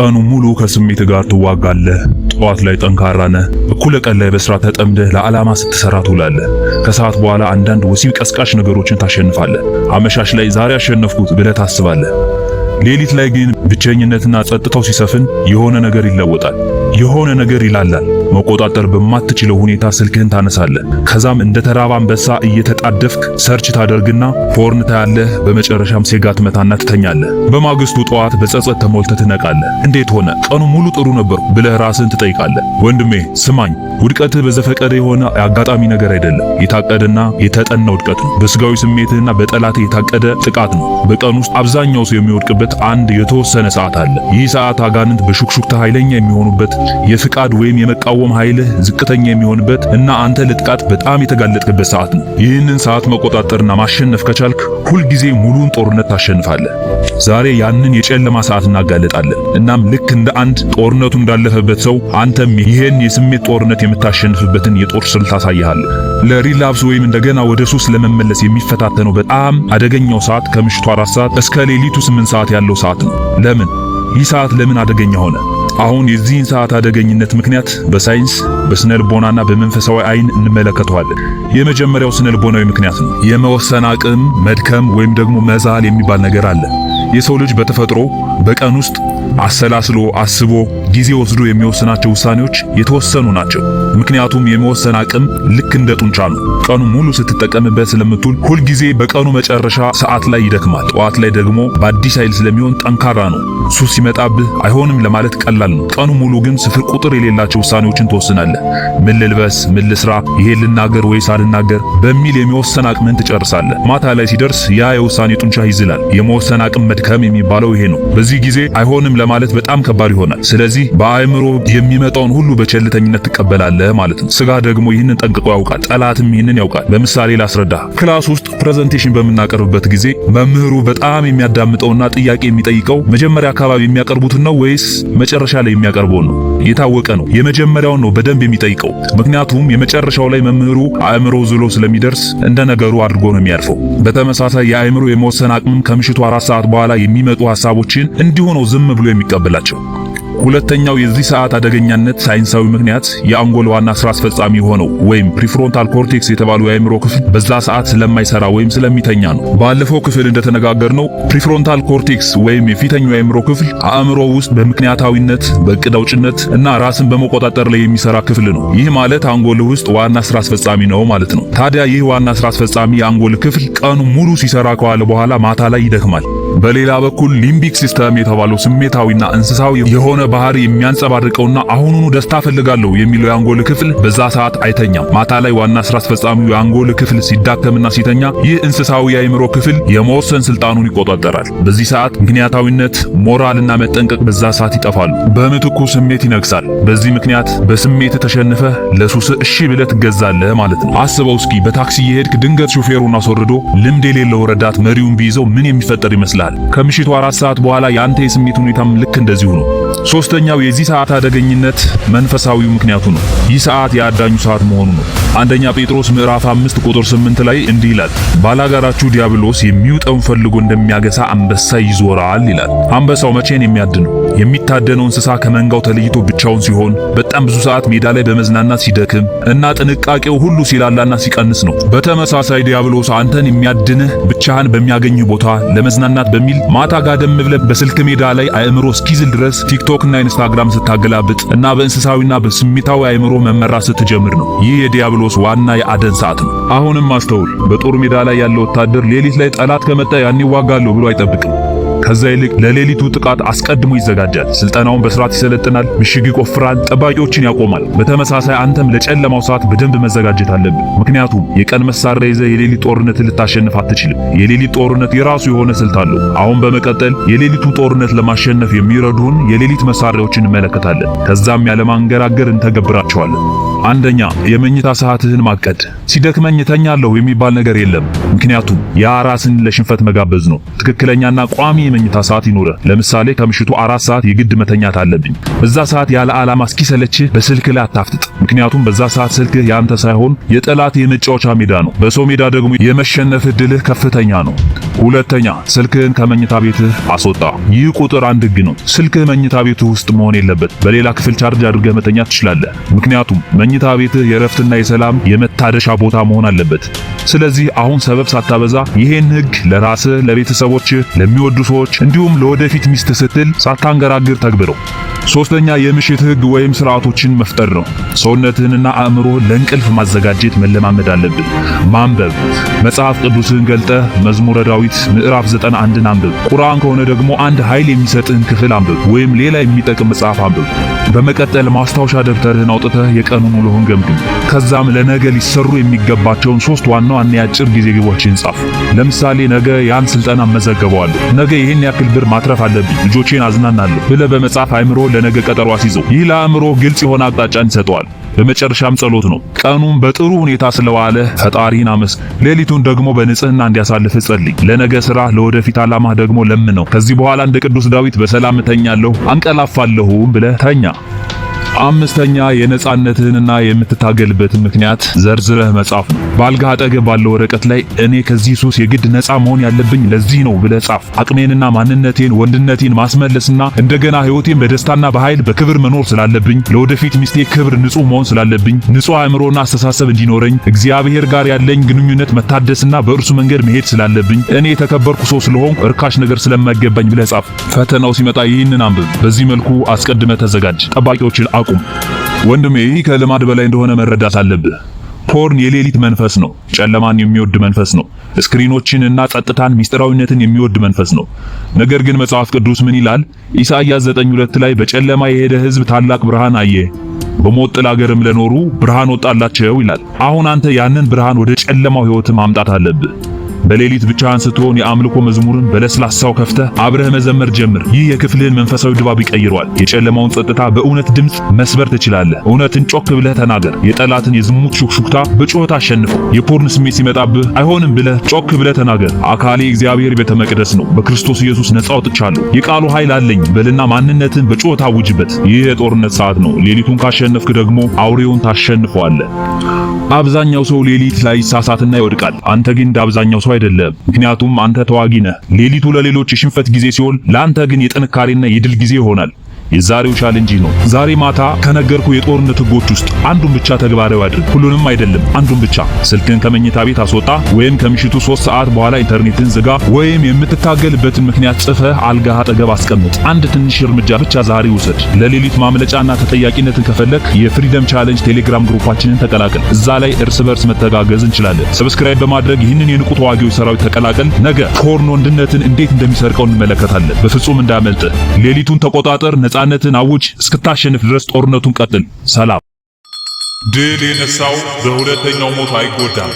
ቀኑ ሙሉ ከስሜት ጋር ትዋጋለህ። ጠዋት ላይ ጠንካራ ነህ፣ እኩለ ቀን ላይ በስራ ተጠምደህ ለዓላማ ስትሰራ ትውላለህ። ከሰዓት በኋላ አንዳንድ ወሲብ ቀስቃሽ ነገሮችን ታሸንፋለህ። አመሻሽ ላይ ዛሬ አሸነፍኩት ብለህ ታስባለህ። ሌሊት ላይ ግን ብቸኝነትና ጸጥታው ሲሰፍን የሆነ ነገር ይለወጣል፣ የሆነ ነገር ይላላል። መቆጣጠር በማትችለው ሁኔታ ስልክህን ታነሳለህ። ከዛም እንደ ተራባ አንበሳ እየተጣደፍክ ሰርች ታደርግና ፖርን ታያለህ። በመጨረሻም ሴጋ ትመታና ትተኛለህ። በማግስቱ ጠዋት በጸጸት ተሞልተህ ትነቃለህ። እንዴት ሆነ ቀኑ ሙሉ ጥሩ ነበር ብለህ ራስን ትጠይቃለህ። ወንድሜ ስማኝ፣ ውድቀትህ በዘፈቀደ የሆነ አጋጣሚ ነገር አይደለም። የታቀደና የተጠና ውድቀት ነው። በስጋዊ ስሜትህና በጠላት የታቀደ ጥቃት ነው። በቀን ውስጥ አብዛኛው ሰው የሚወድቅበት አንድ የተወሰነ ሰዓት አለ። ይህ ሰዓት አጋንንት በሹክሹክታ ኃይለኛ የሚሆኑበት የፍቃድ ወይም የመቃወም የመቃወም ኃይልህ ዝቅተኛ የሚሆንበት እና አንተ ለጥቃት በጣም የተጋለጥክበት ሰዓት ነው። ይህንን ሰዓት መቆጣጠርና ማሸነፍ ከቻልክ ሁልጊዜ ሙሉን ጦርነት ታሸንፋለህ። ዛሬ ያንን የጨለማ ሰዓት እናጋለጣለን። እናም ልክ እንደ አንድ ጦርነቱ እንዳለፈበት ሰው አንተም ይህን የስሜት ጦርነት የምታሸንፍበትን የጦር ስልት ታሳይሃለህ። ለሪላፕስ ወይም እንደገና ወደ ሱስ ለመመለስ የሚፈታተነው በጣም አደገኛው ሰዓት ከምሽቱ አራት ሰዓት እስከ ሌሊቱ ስምንት ሰዓት ያለው ሰዓት ነው። ለምን ይህ ሰዓት ለምን አደገኛ ሆነ? አሁን የዚህን ሰዓት አደገኝነት ምክንያት በሳይንስ በስነ ልቦናና በመንፈሳዊ አይን እንመለከተዋለን። የመጀመሪያው ስነ ልቦናዊ ምክንያት ነው። የመወሰን አቅም መድከም ወይም ደግሞ መዛል የሚባል ነገር አለ። የሰው ልጅ በተፈጥሮ በቀን ውስጥ አሰላስሎ አስቦ ጊዜ ወስዶ የሚወስናቸው ውሳኔዎች የተወሰኑ ናቸው። ምክንያቱም የመወሰን አቅም ልክ እንደ ጡንቻ ነው። ቀኑ ሙሉ ስትጠቀምበት ስለምትውል ሁልጊዜ በቀኑ መጨረሻ ሰዓት ላይ ይደክማል። ጠዋት ላይ ደግሞ በአዲስ ኃይል ስለሚሆን ጠንካራ ነው። ሱስ ሲመጣብህ አይሆንም ለማለት ቀላል ነው። ቀኑ ሙሉ ግን ስፍር ቁጥር የሌላቸው ውሳኔዎችን ትወስናለህ። ምን ልልበስ፣ ምን ልስራ፣ ይሄ ልናገር ወይስ አልናገር በሚል የመወሰን አቅምን ትጨርሳለህ። ማታ ላይ ሲደርስ ያ የውሳኔ ጡንቻ ይዝላል። የመወሰን አቅም መድከም የሚባለው ይሄ ነው። በዚህ ጊዜ አይሆንም ለማለት በጣም ከባድ ይሆናል። ስለዚህ በአእምሮ የሚመጣውን ሁሉ በቸልተኝነት ትቀበላለህ ማለት ነው። ስጋ ደግሞ ይህንን ጠንቅቆ ያውቃል። ጠላትም ይህንን ያውቃል። በምሳሌ ላስረዳ። ክላስ ውስጥ ፕሬዘንቴሽን በምናቀርብበት ጊዜ መምህሩ በጣም የሚያዳምጠውና ጥያቄ የሚጠይቀው መጀመሪያ አካባቢ የሚያቀርቡትን ነው ወይስ መጨረሻ ላይ የሚያቀርበውን ነው? የታወቀ ነው። የመጀመሪያውን ነው በደንብ የሚጠይቀው። ምክንያቱም የመጨረሻው ላይ መምህሩ አእምሮ ዝሎ ስለሚደርስ እንደ ነገሩ አድርጎ ነው የሚያልፈው። በተመሳሳይ የአእምሮ የመወሰን አቅምም ከምሽቱ አራት ሰዓት በኋላ የሚመጡ ሐሳቦችን እንዲሁ ነው ዝም ብሎ የሚቀበላቸው። ሁለተኛው የዚህ ሰዓት አደገኛነት ሳይንሳዊ ምክንያት የአንጎል ዋና ስራ አስፈጻሚ ሆነው ወይም ፕሪፍሮንታል ኮርቴክስ የተባለው የአእምሮ ክፍል በዛ ሰዓት ስለማይሰራ ወይም ስለሚተኛ ነው። ባለፈው ክፍል እንደተነጋገርነው ፕሪፍሮንታል ኮርቴክስ ወይም የፊተኛው የአእምሮ ክፍል አእምሮ ውስጥ በምክንያታዊነት በእቅድ አውጭነት እና ራስን በመቆጣጠር ላይ የሚሰራ ክፍል ነው። ይህ ማለት አንጎል ውስጥ ዋና ስራ አስፈጻሚ ነው ማለት ነው። ታዲያ ይህ ዋና ስራ አስፈጻሚ የአንጎል ክፍል ቀኑ ሙሉ ሲሰራ ከዋለ በኋላ ማታ ላይ ይደክማል። በሌላ በኩል ሊምቢክ ሲስተም የተባለው ስሜታዊና እንስሳዊ የሆነ ባህሪ የሚያንጸባርቀውና አሁኑኑ ደስታ ፈልጋለሁ የሚለው የአንጎል ክፍል በዛ ሰዓት አይተኛም። ማታ ላይ ዋና ስራ አስፈጻሚው የአንጎል ክፍል ሲዳከምና ሲተኛ ይህ እንስሳዊ የአእምሮ ክፍል የመወሰን ስልጣኑን ይቆጣጠራል። በዚህ ሰዓት ምክንያታዊነት፣ ሞራልና መጠንቀቅ በዛ ሰዓት ይጠፋሉ። በምትኩ ስሜት ይነግሳል። በዚህ ምክንያት በስሜት ተሸንፈ ለሱስ እሺ ብለህ ትገዛለህ ማለት ነው። አስበው እስኪ በታክሲ የሄድክ ድንገት ሹፌሩን አስወርዶ ልምድ የሌለው ረዳት መሪውን ቢይዘው ምን የሚፈጠር ይመስላል? ይላል። ከምሽቱ አራት ሰዓት በኋላ የአንተ የስሜት ሁኔታም ልክ እንደዚሁ ነው። ሶስተኛው የዚህ ሰዓት አደገኝነት መንፈሳዊው ምክንያቱ ነው። ይህ ሰዓት የአዳኙ ሰዓት መሆኑ ነው። አንደኛ ጴጥሮስ ምዕራፍ 5 ቁጥር 8 ላይ እንዲህ ይላል፣ ባላጋራችሁ ዲያብሎስ የሚውጠውን ፈልጎ እንደሚያገሳ አንበሳ ይዞራል ይላል። አንበሳው መቼን የሚያድነው የሚታደነው እንስሳ ከመንጋው ተለይቶ ብቻውን ሲሆን በጣም ብዙ ሰዓት ሜዳ ላይ በመዝናናት ሲደክም እና ጥንቃቄው ሁሉ ሲላላና ሲቀንስ ነው። በተመሳሳይ ዲያብሎስ አንተን የሚያድንህ ብቻህን በሚያገኝህ ቦታ ለመዝናናት በሚል ማታ ጋደም ብለ በስልክ ሜዳ ላይ አእምሮ እስኪዝል ድረስ ቲክቶክ እና ኢንስታግራም ስታገላብጥ እና በእንስሳዊና በስሜታዊ አእምሮ መመራት ስትጀምር ነው። ይህ የዲያብሎስ ዋና የአደን ሰዓት ነው። አሁንም አስተውል። በጦር ሜዳ ላይ ያለ ወታደር ሌሊት ላይ ጠላት ከመጣ ያን ይዋጋለሁ ብሎ አይጠብቅም። ከዛ ይልቅ ለሌሊቱ ጥቃት አስቀድሞ ይዘጋጃል። ስልጠናውን በስርዓት ይሰለጥናል፣ ምሽግ ይቆፍራል፣ ጠባቂዎችን ያቆማል። በተመሳሳይ አንተም ለጨለማው ሰዓት በደንብ መዘጋጀት አለብህ። ምክንያቱም የቀን መሳሪያ ይዘህ የሌሊት ጦርነት ልታሸንፍ አትችልም። የሌሊት ጦርነት የራሱ የሆነ ስልት አለው። አሁን በመቀጠል የሌሊቱ ጦርነት ለማሸነፍ የሚረዱን የሌሊት መሳሪያዎችን እንመለከታለን። ከዛም ያለማንገራገር እንተገብራቸዋለን። አንደኛ የመኝታ ሰዓትህን ማቀድ። ሲደክመኝ እተኛለሁ የሚባል ነገር የለም። ምክንያቱም ያ ራስን ለሽንፈት መጋበዝ ነው። ትክክለኛና ቋሚ የመኝታ ሰዓት ይኑርህ። ለምሳሌ ከምሽቱ አራት ሰዓት የግድ መተኛት አለብኝ። በዛ ሰዓት ያለ ዓላማ እስኪሰለችህ በስልክ ላይ አታፍጥጥ። ምክንያቱም በዛ ሰዓት ስልክህ ያንተ ሳይሆን የጠላት የመጫወቻ ሜዳ ነው። በሰው ሜዳ ደግሞ የመሸነፍ ዕድልህ ከፍተኛ ነው። ሁለተኛ ስልክህን ከመኝታ ቤትህ አስወጣ። ይህ ቁጥር አንድ ህግ ነው። ስልክህ መኝታ ቤትህ ውስጥ መሆን የለበት። በሌላ ክፍል ቻርጅ አድርገህ መተኛት ትችላለህ። ምክንያቱም መኝታ ቤትህ የእረፍትና የሰላም የመታደሻ ቦታ መሆን አለበት። ስለዚህ አሁን ሰበብ ሳታበዛ ይሄን ህግ ለራስህ፣ ለቤተሰቦችህ፣ ለሚወዱ ሰዎች እንዲሁም ለወደፊት ሚስት ስትል ሳታንገራግር ተግብረው። ሶስተኛ የምሽት ህግ ወይም ስርዓቶችን መፍጠር ነው። ሰውነትህንና አእምሮህን ለእንቅልፍ ማዘጋጀት መለማመድ አለብን። ማንበብ፣ መጽሐፍ ቅዱስህን ገልጠህ መዝሙረ ዳዊት ዳዊት ምዕራፍ 91ን አንብብ። ቁርአን ከሆነ ደግሞ አንድ ኃይል የሚሰጥህን ክፍል አንብብ፣ ወይም ሌላ የሚጠቅም መጽሐፍ አንብብ። በመቀጠል ማስታወሻ ደብተርህን አውጥተህ የቀኑን ውሎህን ገምግም። ከዛም ለነገ ሊሰሩ የሚገባቸውን ሶስት ዋና ዋና የአጭር ጊዜ ግቦችን ጻፍ። ለምሳሌ ነገ ያን ስልጠና መዘገበዋለሁ፣ ነገ ይህን ያክል ብር ማትረፍ አለብኝ፣ ልጆቼን አዝናናለሁ ብለህ በመጻፍ አይምሮ ለነገ ቀጠሮ አስይዘው። ይህ ለአእምሮ ግልጽ የሆነ አቅጣጫን ይሰጠዋል። በመጨረሻም ጸሎት ነው። ቀኑን በጥሩ ሁኔታ ስለዋለ ፈጣሪን አመስ ሌሊቱን ደግሞ በንጽህና እንዲያሳልፍ ጸልይ። ለነገ ስራ፣ ለወደፊት አላማ ደግሞ ለምነው። ከዚህ በኋላ እንደ ቅዱስ ዳዊት በሰላም እተኛለሁ አንቀላፋለሁም ብለህ ተኛ። አምስተኛ የነጻነትህንና የምትታገልበትን ምክንያት ዘርዝረህ መጻፍ ነው። ባልጋህ አጠገብ ባለው ወረቀት ላይ እኔ ከዚህ ሱስ የግድ ነጻ መሆን ያለብኝ ለዚህ ነው ብለህ ጻፍ። አቅሜንና ማንነቴን ወንድነቴን ማስመለስና እንደገና ህይወቴን በደስታና በኃይል በክብር መኖር ስላለብኝ፣ ለወደፊት ሚስቴ ክብር ንጹህ መሆን ስላለብኝ፣ ንጹህ አእምሮና አስተሳሰብ እንዲኖረኝ፣ እግዚአብሔር ጋር ያለኝ ግንኙነት መታደስና በእርሱ መንገድ መሄድ ስላለብኝ፣ እኔ የተከበርኩ ሰው ስለሆንኩ እርካሽ ነገር ስለማይገባኝ ብለህ ጻፍ። ፈተናው ሲመጣ ይህንን አንብብ። በዚህ መልኩ አስቀድመ ተዘጋጅ። ጠባቂዎችን አቁም። ወንድሜ ይህ ከልማድ በላይ እንደሆነ መረዳት አለብህ። ፖርን የሌሊት መንፈስ ነው። ጨለማን የሚወድ መንፈስ ነው። ስክሪኖችን እና ጸጥታን፣ ሚስጥራዊነትን የሚወድ መንፈስ ነው። ነገር ግን መጽሐፍ ቅዱስ ምን ይላል? ኢሳይያስ 9:2 ላይ በጨለማ የሄደ ሕዝብ ታላቅ ብርሃን አየ፣ በሞት ጥላ አገርም ለኖሩ ብርሃን ወጣላቸው ይላል። አሁን አንተ ያንን ብርሃን ወደ ጨለማው ሕይወት ማምጣት አለብህ። በሌሊት ብቻህን ስትሆን የአምልኮ መዝሙርን በለስላሳው ከፍተህ አብረህ መዘመር ጀምር። ይህ የክፍልህን መንፈሳዊ ድባብ ይቀይረዋል። የጨለማውን ጸጥታ በእውነት ድምፅ መስበር ትችላለህ። እውነትን ጮክ ብለህ ተናገር። የጠላትን የዝሙት ሹክሹክታ በጩኸት አሸንፈው። የፖርን ስሜት ሲመጣብህ አይሆንም ብለህ ጮክ ብለህ ተናገር። አካሌ እግዚአብሔር ቤተ መቅደስ ነው፣ በክርስቶስ ኢየሱስ ነጻ አውጥቻለሁ፣ የቃሉ ኃይል አለኝ በልና ማንነትን በጩኸት አውጅበት። ይህ የጦርነት ሰዓት ነው። ሌሊቱን ካሸነፍክ ደግሞ አውሬውን ታሸንፈዋለህ። አብዛኛው ሰው ሌሊት ላይ ይሳሳትና ይወድቃል። አንተ ግን እንደ አብዛኛው ሰው አይደለም። ምክንያቱም አንተ ተዋጊ ነህ። ሌሊቱ ለሌሎች የሽንፈት ጊዜ ሲሆን፣ ለአንተ ግን የጥንካሬና የድል ጊዜ ይሆናል። የዛሬው ቻሌንጅ ነው። ዛሬ ማታ ከነገርኩ የጦርነት ህጎች ውስጥ አንዱን ብቻ ተግባራዊ አድርግ። ሁሉንም አይደለም፣ አንዱን ብቻ። ስልክን ከመኝታ ቤት አስወጣ፣ ወይም ከምሽቱ ሶስት ሰዓት በኋላ ኢንተርኔትን ዝጋ፣ ወይም የምትታገልበትን ምክንያት ጽፈህ አልጋህ አጠገብ አስቀምጥ። አንድ ትንሽ እርምጃ ብቻ ዛሬ ውሰድ። ለሌሊት ማምለጫና ተጠያቂነትን ከፈለክ የፍሪደም ቻሌንጅ ቴሌግራም ግሩፓችንን ተቀላቀል። እዛ ላይ እርስ በርስ መተጋገዝ እንችላለን። ሰብስክራይብ በማድረግ ይህንን የንቁ ተዋጊዎች ሰራዊት ተቀላቀል። ነገ ፖርኖ ወንድነትን እንዴት እንደሚሰርቀው እንመለከታለን። በፍጹም እንዳመልጥ። ሌሊቱን ተቆጣጠር። ነጻነትን አውጅ። እስክታሸንፍ ድረስ ጦርነቱን ቀጥል። ሰላም። ድል የነሳው በሁለተኛው ሞት አይጎዳም።